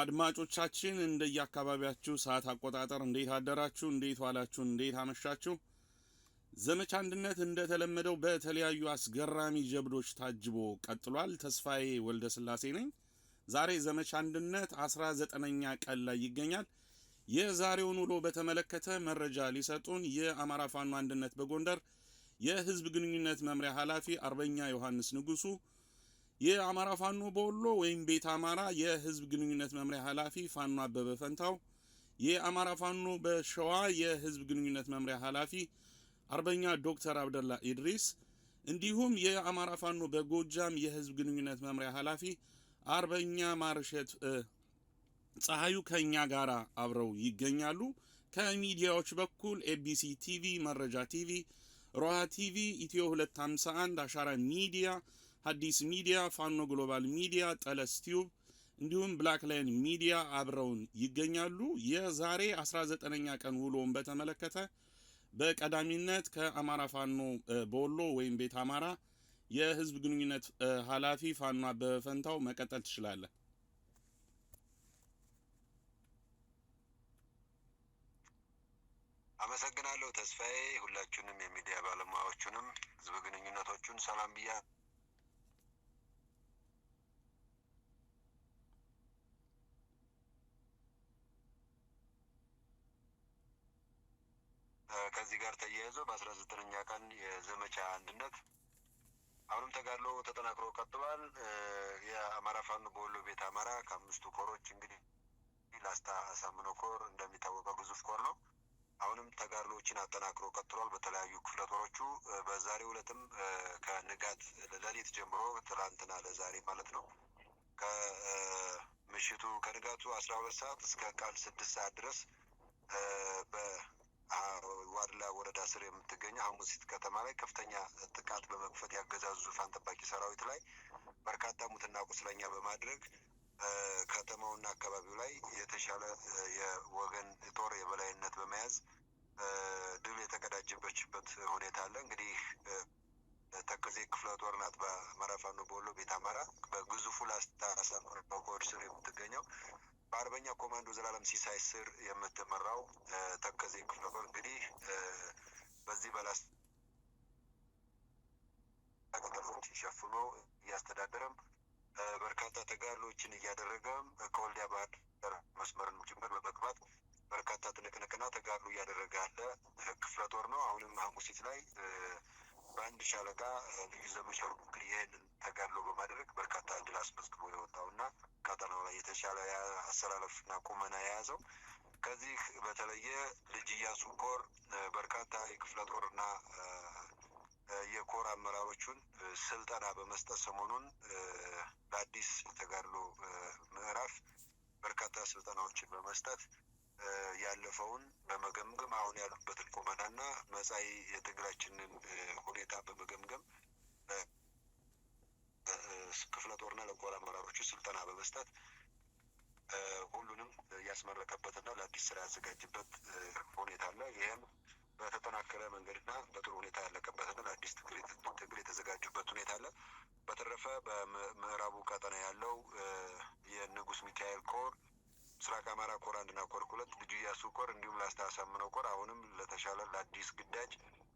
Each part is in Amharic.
አድማጮቻችን እንደየአካባቢያችሁ ሰዓት አቆጣጠር እንዴት አደራችሁ? እንዴት ዋላችሁ? እንዴት አመሻችሁ? ዘመቻ አንድነት እንደተለመደው በተለያዩ አስገራሚ ጀብዶች ታጅቦ ቀጥሏል። ተስፋዬ ወልደ ስላሴ ነኝ። ዛሬ ዘመቻ አንድነት አስራ ዘጠነኛ ቀን ላይ ይገኛል። የዛሬውን ውሎ በተመለከተ መረጃ ሊሰጡን የአማራ ፋኖ አንድነት በጎንደር የህዝብ ግንኙነት መምሪያ ኃላፊ አርበኛ ዮሐንስ ንጉሱ የአማራ ፋኖ በወሎ ወይም ቤት አማራ የህዝብ ግንኙነት መምሪያ ኃላፊ ፋኖ አበበ ፈንታው፣ የአማራ ፋኖ በሸዋ የህዝብ ግንኙነት መምሪያ ኃላፊ አርበኛ ዶክተር አብደላ ኢድሪስ እንዲሁም የአማራ ፋኖ በጎጃም የህዝብ ግንኙነት መምሪያ ኃላፊ አርበኛ ማርሸት ፀሐዩ ከኛ ጋር አብረው ይገኛሉ። ከሚዲያዎች በኩል ኤቢሲ ቲቪ፣ መረጃ ቲቪ፣ ሮሃ ቲቪ፣ ኢትዮ 251፣ አሻራ ሚዲያ ሀዲስ ሚዲያ፣ ፋኖ ግሎባል ሚዲያ፣ ጠለስ ቲዩብ እንዲሁም ብላክ ላይን ሚዲያ አብረውን ይገኛሉ። የዛሬ 19ኛ ቀን ውሎውን በተመለከተ በቀዳሚነት ከአማራ ፋኖ በወሎ ወይም ቤት አማራ የህዝብ ግንኙነት ኃላፊ ፋኖ አበበ ፈንታው መቀጠል ትችላለህ። አመሰግናለሁ ተስፋዬ። ሁላችሁንም የሚዲያ ባለሙያዎቹንም ህዝብ ግንኙነቶቹን ሰላም ብያ ከዚህ ጋር ተያይዞ በአስራ ዘጠነኛ ቀን የዘመቻ አንድነት አሁንም ተጋድሎ ተጠናክሮ ቀጥሏል። የአማራ ፋኖ በወሎ ቤት አማራ ከአምስቱ ኮሮች እንግዲህ ላስታ አሳምኖ ኮር እንደሚታወቀው ግዙፍ ኮር ነው። አሁንም ተጋድሎዎችን አጠናክሮ ቀጥሏል። በተለያዩ ክፍለ ጦሮቹ በዛሬው ዕለትም ከንጋት ለሌሊት ጀምሮ ትላንትና ለዛሬ ማለት ነው ከምሽቱ ከንጋቱ አስራ ሁለት ሰዓት እስከ ቃል ስድስት ሰዓት ድረስ ዋድላ ወረዳ ስር የምትገኘው ሐሙሲት ከተማ ላይ ከፍተኛ ጥቃት በመክፈት ያገዛዙ ዙፋን ጠባቂ ሰራዊት ላይ በርካታ ሙትና ቁስለኛ በማድረግ ከተማውና አካባቢው ላይ የተሻለ የወገን ጦር የበላይነት በመያዝ ድል የተቀዳጀበችበት ሁኔታ አለ። እንግዲህ ተከዜ ክፍለ ጦር ናት በአማራ ፋኖ በወሎ ቤት አማራ በግዙፉ ላስታ ሳምኖ ኮድ ስር የምትገኘው በአርበኛ ኮማንዶ ዘላለም ሲሳይ ስር የምትመራው ተከዜ ክፍለ ጦር እንግዲህ በዚህ በላስ ሸፍኖ እያስተዳደረም በርካታ ተጋድሎችን እያደረገም ከወልዲያ ባህር ዳር መስመርን ጭምር በመግባት በርካታ ትንቅንቅና ተጋድሎ እያደረገ ያለ ክፍለ ጦር ነው። አሁንም ሐሙሲት ላይ በአንድ ሻለቃ ልዩ ዘመቻው እንግዲህ ይህንን ተጋድሎ በማድረግ በርካታ ድል አስመዝግቦ የወጣውና ቀጠናው ላይ የተሻለ አሰላለፍና ቁመና የያዘው ከዚህ በተለየ ልጅ ኢያሱ ኮር በርካታ የክፍለ ጦርና የኮር አመራሮቹን ስልጠና በመስጠት ሰሞኑን በአዲስ ተጋድሎ ምዕራፍ በርካታ ስልጠናዎችን በመስጠት ያለፈውን በመገምገም አሁን ያሉበትን ቁመናና መጻይ የትግራችንን ሁኔታ በመገምገም ክፍለ ጦርና ለኮር አመራሮች ስልጠና በመስጠት ሁሉንም ያስመረቀበትና ለአዲስ ስራ ያዘጋጅበት ሁኔታ አለ። ይህም በተጠናከረ መንገድና በጥሩ ሁኔታ ያለቀበትና ለአዲስ ትግል የተዘጋጁበት ሁኔታ አለ። በተረፈ በምዕራቡ ቀጠና ያለው የንጉስ ሚካኤል ኮር፣ ምስራቅ አማራ ኮር አንድና ኮር ሁለት፣ ልጁ እያሱ ኮር እንዲሁም ላስታ አሳምነው ኮር አሁንም ለተሻለ ለአዲስ ግዳጅ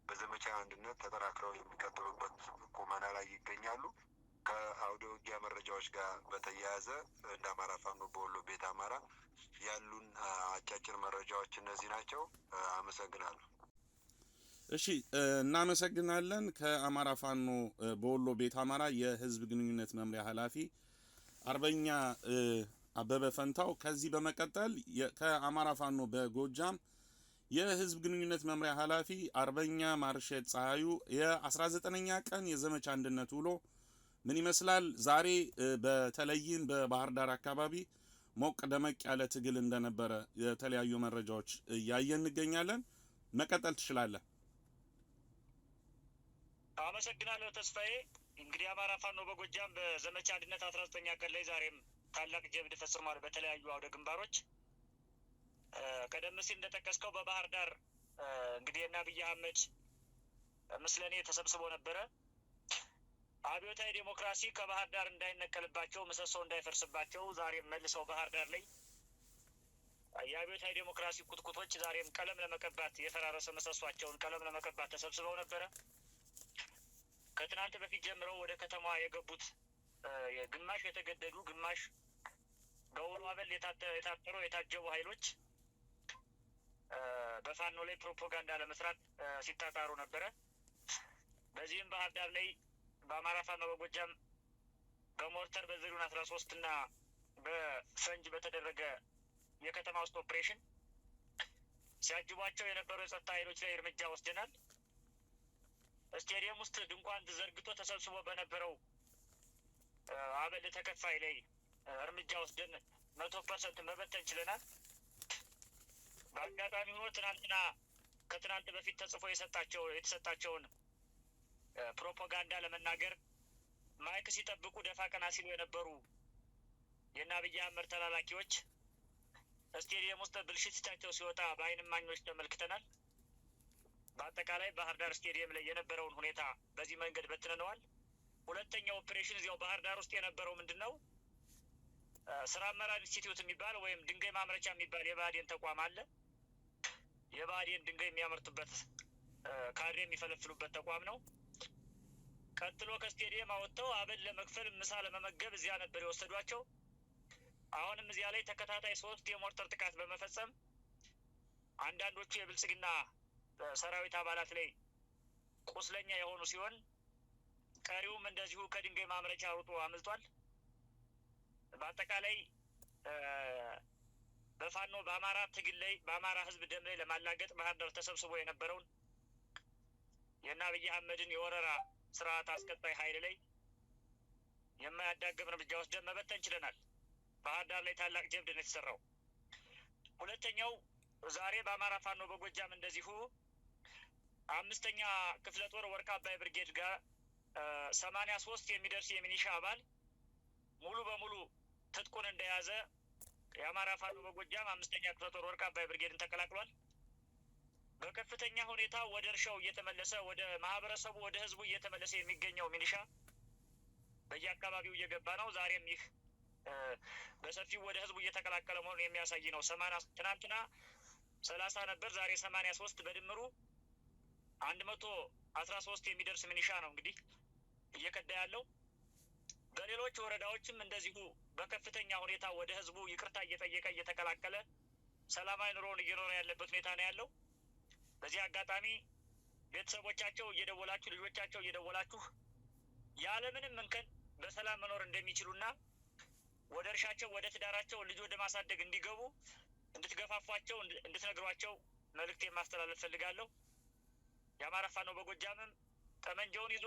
በዘመቻ አንድነት ተጠናክረው የሚቀጥሉበት ቁመና ላይ ይገኛሉ። ከአውደ ውጊያ መረጃዎች ጋር በተያያዘ እንደ አማራ ፋኖ በወሎ ቤት አማራ ያሉን አጫጭር መረጃዎች እነዚህ ናቸው። አመሰግናለሁ። እሺ፣ እናመሰግናለን። ከአማራ ፋኖ በወሎ ቤት አማራ የህዝብ ግንኙነት መምሪያ ኃላፊ አርበኛ አበበ ፈንታው። ከዚህ በመቀጠል ከአማራ ፋኖ በጎጃም የህዝብ ግንኙነት መምሪያ ኃላፊ አርበኛ ማርሸት ፀሐዩ የ19ኛ ቀን የዘመቻ አንድነት ውሎ ምን ይመስላል? ዛሬ በተለይም በባህር ዳር አካባቢ ሞቅ ደመቅ ያለ ትግል እንደነበረ የተለያዩ መረጃዎች እያየን እንገኛለን። መቀጠል ትችላለህ። አመሰግናለሁ ተስፋዬ። እንግዲህ አማራ ፋኖ በጎጃም በዘመቻ አንድነት አስራ ዘጠኛ ቀን ላይ ዛሬም ታላቅ ጀብድ ፈጽሟል። በተለያዩ አውደ ግንባሮች ቀደም ሲል እንደጠቀስከው በባህር ዳር እንግዲህ እና አብይ አህመድ ምስለኔ ተሰብስቦ ነበረ። አብዮታዊ ዴሞክራሲ ከባህር ዳር እንዳይነቀልባቸው ምሰሶ እንዳይፈርስባቸው ዛሬም መልሰው ባህር ዳር ላይ የአብዮታዊ ዴሞክራሲ ቁጥቁጦች ዛሬም ቀለም ለመቀባት የፈራረሰ ምሰሷቸውን ቀለም ለመቀባት ተሰብስበው ነበረ። ከትናንት በፊት ጀምረው ወደ ከተማዋ የገቡት ግማሽ የተገደዱ ግማሽ በውሎ አበል የታጠሩ የታጀቡ ኃይሎች በፋኖ ላይ ፕሮፓጋንዳ ለመስራት ሲታጣሩ ነበረ። በዚህም ባህር ዳር ላይ በአማራ ፋኖ በጎጃም በሞርተር በዘሪሁን አስራ ሶስት እና በፈንጅ በተደረገ የከተማ ውስጥ ኦፕሬሽን ሲያጅቧቸው የነበሩ የጸጥታ ኃይሎች ላይ እርምጃ ወስደናል። ስቴዲየም ውስጥ ድንኳን ዘርግቶ ተሰብስቦ በነበረው አበል ተከፋይ ላይ እርምጃ ወስደን መቶ ፐርሰንት መበተን ችለናል። በአጋጣሚ ሆኖ ትናንትና ከትናንት በፊት ተጽፎ የሰጣቸው የተሰጣቸውን ፕሮፓጋንዳ ለመናገር ማይክ ሲጠብቁ ደፋ ቀና ሲሉ የነበሩ የእነ አብይ አህመድ ተላላኪዎች ስቴዲየም ውስጥ ብልሽት ሲወጣ በአይን እማኞች ተመልክተናል። በአጠቃላይ ባህር ዳር ስቴዲየም ላይ የነበረውን ሁኔታ በዚህ መንገድ በትነነዋል። ሁለተኛው ኦፕሬሽን እዚያው ባህር ዳር ውስጥ የነበረው ምንድን ነው? ስራ አመራር ኢንስቲትዩት የሚባል ወይም ድንጋይ ማምረቻ የሚባል የባህዴን ተቋም አለ። የባህዴን ድንጋይ የሚያመርቱበት ካድሬ የሚፈለፍሉበት ተቋም ነው። ቀጥሎ ከስቴዲየም አወጥተው አበል ለመክፈል ምሳ ለመመገብ እዚያ ነበር የወሰዷቸው። አሁንም እዚያ ላይ ተከታታይ ሶስት የሞርተር ጥቃት በመፈጸም አንዳንዶቹ የብልጽግና ሰራዊት አባላት ላይ ቁስለኛ የሆኑ ሲሆን ቀሪውም እንደዚሁ ከድንጋይ ማምረቻ ሩጦ አምልጧል። በአጠቃላይ በፋኖ በአማራ ትግል ላይ በአማራ ሕዝብ ደም ላይ ለማላገጥ ባህር ዳር ተሰብስቦ የነበረውን የእነ አብይ አህመድን የወረራ ስርዓት አስቀጣይ ኃይል ላይ የማያዳግም እርምጃ ወስደን መበተን ችለናል። ባህር ዳር ላይ ታላቅ ጀብድ ነው የተሰራው። ሁለተኛው ዛሬ በአማራ ፋኖ በጎጃም እንደዚሁ አምስተኛ ክፍለ ጦር ወርቅ አባይ ብርጌድ ጋር ሰማንያ ሶስት የሚደርስ የሚኒሻ አባል ሙሉ በሙሉ ትጥቁን እንደያዘ የአማራ ፋኖ በጎጃም አምስተኛ ክፍለ ጦር ወርቅ አባይ ብርጌድን ተቀላቅሏል። በከፍተኛ ሁኔታ ወደ እርሻው እየተመለሰ ወደ ማህበረሰቡ ወደ ህዝቡ እየተመለሰ የሚገኘው ሚሊሻ በየአካባቢው እየገባ ነው። ዛሬም ይህ በሰፊው ወደ ህዝቡ እየተቀላቀለ መሆኑን የሚያሳይ ነው። ሰማንያ ትናንትና ሰላሳ ነበር፣ ዛሬ ሰማንያ ሶስት በድምሩ አንድ መቶ አስራ ሶስት የሚደርስ ሚኒሻ ነው እንግዲህ እየከዳ ያለው። በሌሎች ወረዳዎችም እንደዚሁ በከፍተኛ ሁኔታ ወደ ህዝቡ ይቅርታ እየጠየቀ እየተቀላቀለ ሰላማዊ ኑሮውን እየኖረ ያለበት ሁኔታ ነው ያለው። በዚህ አጋጣሚ ቤተሰቦቻቸው እየደወላችሁ ልጆቻቸው እየደወላችሁ ያለምንም እንከን በሰላም መኖር እንደሚችሉና ወደ እርሻቸው ወደ ትዳራቸው ልጅ ወደ ማሳደግ እንዲገቡ እንድትገፋፏቸው እንድትነግሯቸው መልእክት የማስተላለፍ ፈልጋለሁ። የአማራ ፋኖ በጎጃምም ጠመንጃውን ይዞ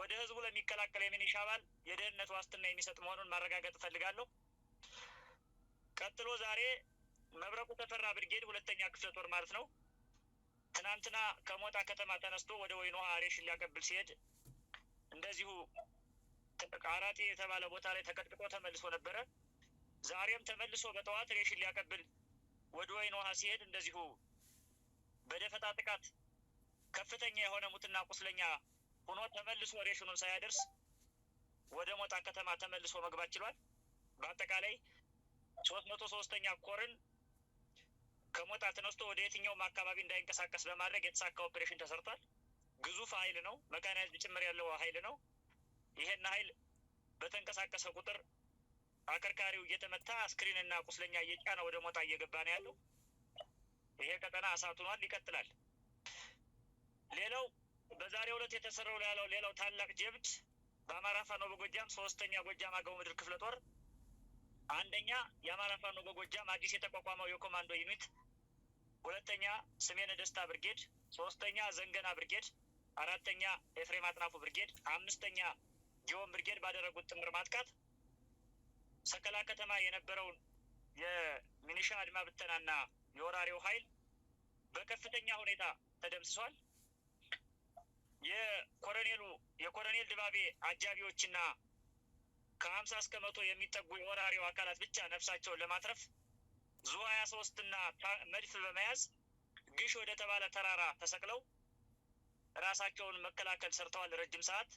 ወደ ህዝቡ ለሚቀላቀል የሚኒሻ አባል የደህንነት ዋስትና የሚሰጥ መሆኑን ማረጋገጥ እፈልጋለሁ። ቀጥሎ ዛሬ መብረቁ ተፈራ ብርጌድ ሁለተኛ ክፍለ ጦር ማለት ነው ትናንትና ከሞጣ ከተማ ተነስቶ ወደ ወይን ውሃ አሬሽን ሊያቀብል ሲሄድ እንደዚሁ አራጤ የተባለ ቦታ ላይ ተቀጥቅጦ ተመልሶ ነበረ። ዛሬም ተመልሶ በጠዋት ሬሽን ሊያቀብል ወደ ወይን ውሃ ሲሄድ እንደዚሁ በደፈጣ ጥቃት ከፍተኛ የሆነ ሙትና ቁስለኛ ሆኖ ተመልሶ ሬሽኑን ሳያደርስ ወደ ሞጣ ከተማ ተመልሶ መግባት ችሏል። በአጠቃላይ ሶስት መቶ ሶስተኛ ኮርን ከሞጣ ተነስቶ ወደ የትኛውም አካባቢ እንዳይንቀሳቀስ በማድረግ የተሳካ ኦፕሬሽን ተሰርቷል። ግዙፍ ኃይል ነው፣ መካናይዝድ ጭምር ያለው ኃይል ነው። ይሄን ኃይል በተንቀሳቀሰ ቁጥር አከርካሪው እየተመታ አስክሬንና ቁስለኛ እየጫነ ወደ ሞጣ እየገባ ነው ያለው። ይሄ ቀጠና አሳትኗል፣ ይቀጥላል። ሌላው በዛሬው ዕለት የተሰራው ያለው ሌላው ታላቅ ጀብድ በአማራ ፋኖ በጎጃም ሶስተኛ ጎጃም አገው ምድር ክፍለ ጦር አንደኛ የአማራ ፋኖ በጎጃም አዲስ የተቋቋመው የኮማንዶ ዩኒት ሁለተኛ ስሜነ ደስታ ብርጌድ፣ ሶስተኛ ዘንገና ብርጌድ፣ አራተኛ ኤፍሬም አጥናፉ ብርጌድ፣ አምስተኛ ጊዮን ብርጌድ ባደረጉት ጥምር ማጥቃት ሰከላ ከተማ የነበረውን የሚኒሻ አድማ ብተናና የወራሪው ኃይል በከፍተኛ ሁኔታ ተደምስሷል። የኮሎኔሉ የኮሎኔል ድባቤ አጃቢዎችና ከሀምሳ እስከ መቶ የሚጠጉ የወራሪው አካላት ብቻ ነፍሳቸውን ለማትረፍ ዙ ሀያ ሶስትና መድፍ በመያዝ ግሽ ወደ ተባለ ተራራ ተሰቅለው ራሳቸውን መከላከል ሰርተዋል ረጅም ሰዓት።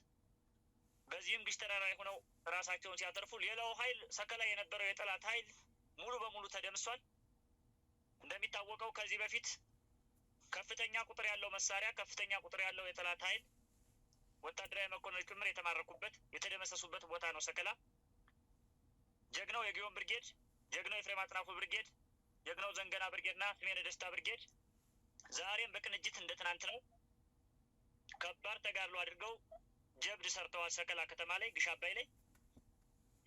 በዚህም ግሽ ተራራ የሆነው ራሳቸውን ሲያተርፉ፣ ሌላው ኃይል ሰከላ የነበረው የጠላት ኃይል ሙሉ በሙሉ ተደምሷል። እንደሚታወቀው ከዚህ በፊት ከፍተኛ ቁጥር ያለው መሳሪያ ከፍተኛ ቁጥር ያለው የጠላት ኃይል ወታደራዊ መኮንኖች ጭምር የተማረኩበት የተደመሰሱበት ቦታ ነው። ሰከላ ጀግናው የጊዮን ብርጌድ ጀግናው ኤፍሬም አጥናፉ ብርጌድ፣ ጀግናው ዘንገና ብርጌድ እና ስሜነ ደስታ ብርጌድ ዛሬም በቅንጅት እንደ ትናንት ነው ከባድ ተጋድሎ አድርገው ጀብድ ሰርተዋል። ሰከላ ከተማ ላይ፣ ግሽ አባይ ላይ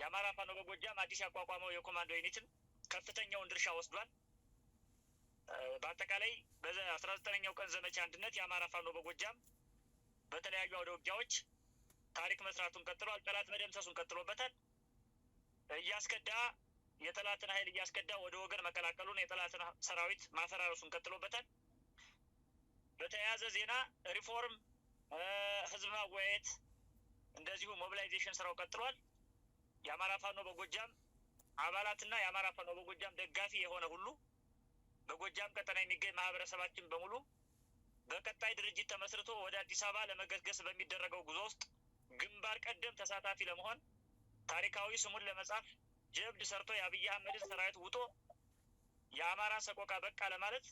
የአማራ ፋኖ በጎጃም አዲስ ያቋቋመው የኮማንዶ ዩኒትም ከፍተኛውን ድርሻ ወስዷል። በአጠቃላይ በአስራ ዘጠነኛው ቀን ዘመቻ አንድነት የአማራ ፋኖ በጎጃም በተለያዩ አውደ ውጊያዎች ታሪክ መስራቱን ቀጥሏል። ጠላት መደምሰሱን ቀጥሎበታል። እያስከዳ የጠላትን ኃይል እያስከዳ ወደ ወገን መቀላቀሉን የጠላትን ሰራዊት ማፈራረሱን ቀጥሎበታል። በተያያዘ ዜና ሪፎርም፣ ህዝብ ማወያየት እንደዚሁ ሞቢላይዜሽን ስራው ቀጥሏል። የአማራ ፋኖ በጎጃም አባላትና የአማራ ፋኖ በጎጃም ደጋፊ የሆነ ሁሉ በጎጃም ቀጠና የሚገኝ ማህበረሰባችን በሙሉ በቀጣይ ድርጅት ተመስርቶ ወደ አዲስ አበባ ለመገስገስ በሚደረገው ጉዞ ውስጥ ግንባር ቀደም ተሳታፊ ለመሆን ታሪካዊ ስሙን ለመጻፍ ጀብድ ሰርቶ የአብይ አህመድን ሰራዊት ውጦ የአማራ ሰቆቃ በቃ ለማለት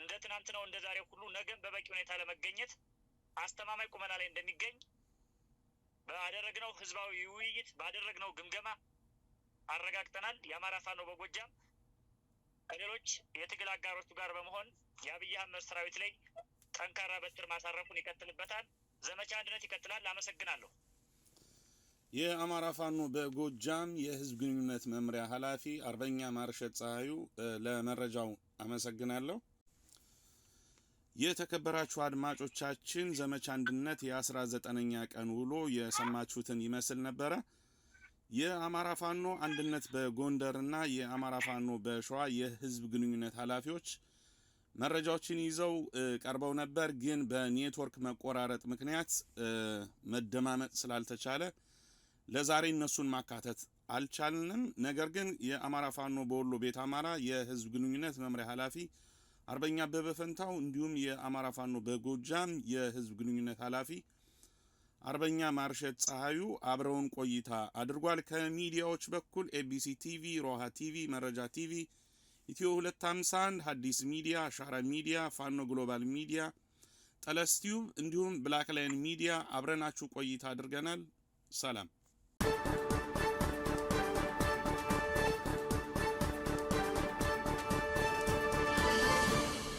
እንደ ትናንት ነው እንደ ዛሬ ሁሉ ነገም በበቂ ሁኔታ ለመገኘት አስተማማኝ ቁመና ላይ እንደሚገኝ ባደረግነው ህዝባዊ ውይይት ባደረግነው ግምገማ አረጋግጠናል። የአማራ ፋኖ በጎጃም ከሌሎች የትግል አጋሮቹ ጋር በመሆን የአብይ አህመድ ሰራዊት ላይ ጠንካራ በትር ማሳረፉን ይቀጥልበታል። ዘመቻ አንድነት ይቀጥላል። አመሰግናለሁ። የአማራ ፋኖ በጎጃም የህዝብ ግንኙነት መምሪያ ኃላፊ አርበኛ ማርሸት ፀሐዩ ለመረጃው አመሰግናለሁ። የተከበራችሁ አድማጮቻችን ዘመቻ አንድነት የ19ኛ ቀን ውሎ የሰማችሁትን ይመስል ነበረ። የአማራ ፋኖ አንድነት በጎንደርና የአማራ ፋኖ በሸዋ የህዝብ ግንኙነት ኃላፊዎች መረጃዎችን ይዘው ቀርበው ነበር። ግን በኔትወርክ መቆራረጥ ምክንያት መደማመጥ ስላልተቻለ ለዛሬ እነሱን ማካተት አልቻልንም። ነገር ግን የአማራ ፋኖ በወሎ ቤት አማራ የህዝብ ግንኙነት መምሪያ ኃላፊ አርበኛ አበበ ፈንታው እንዲሁም የአማራ ፋኖ በጎጃም የህዝብ ግንኙነት ኃላፊ አርበኛ ማርሸት ፀሐዩ አብረውን ቆይታ አድርጓል። ከሚዲያዎች በኩል ኤቢሲ ቲቪ፣ ሮሃ ቲቪ፣ መረጃ ቲቪ፣ ኢትዮ 251፣ ሀዲስ ሚዲያ፣ አሻራ ሚዲያ፣ ፋኖ ግሎባል ሚዲያ፣ ጠለስቲዩብ እንዲሁም ብላክ ላይን ሚዲያ አብረናችሁ ቆይታ አድርገናል። ሰላም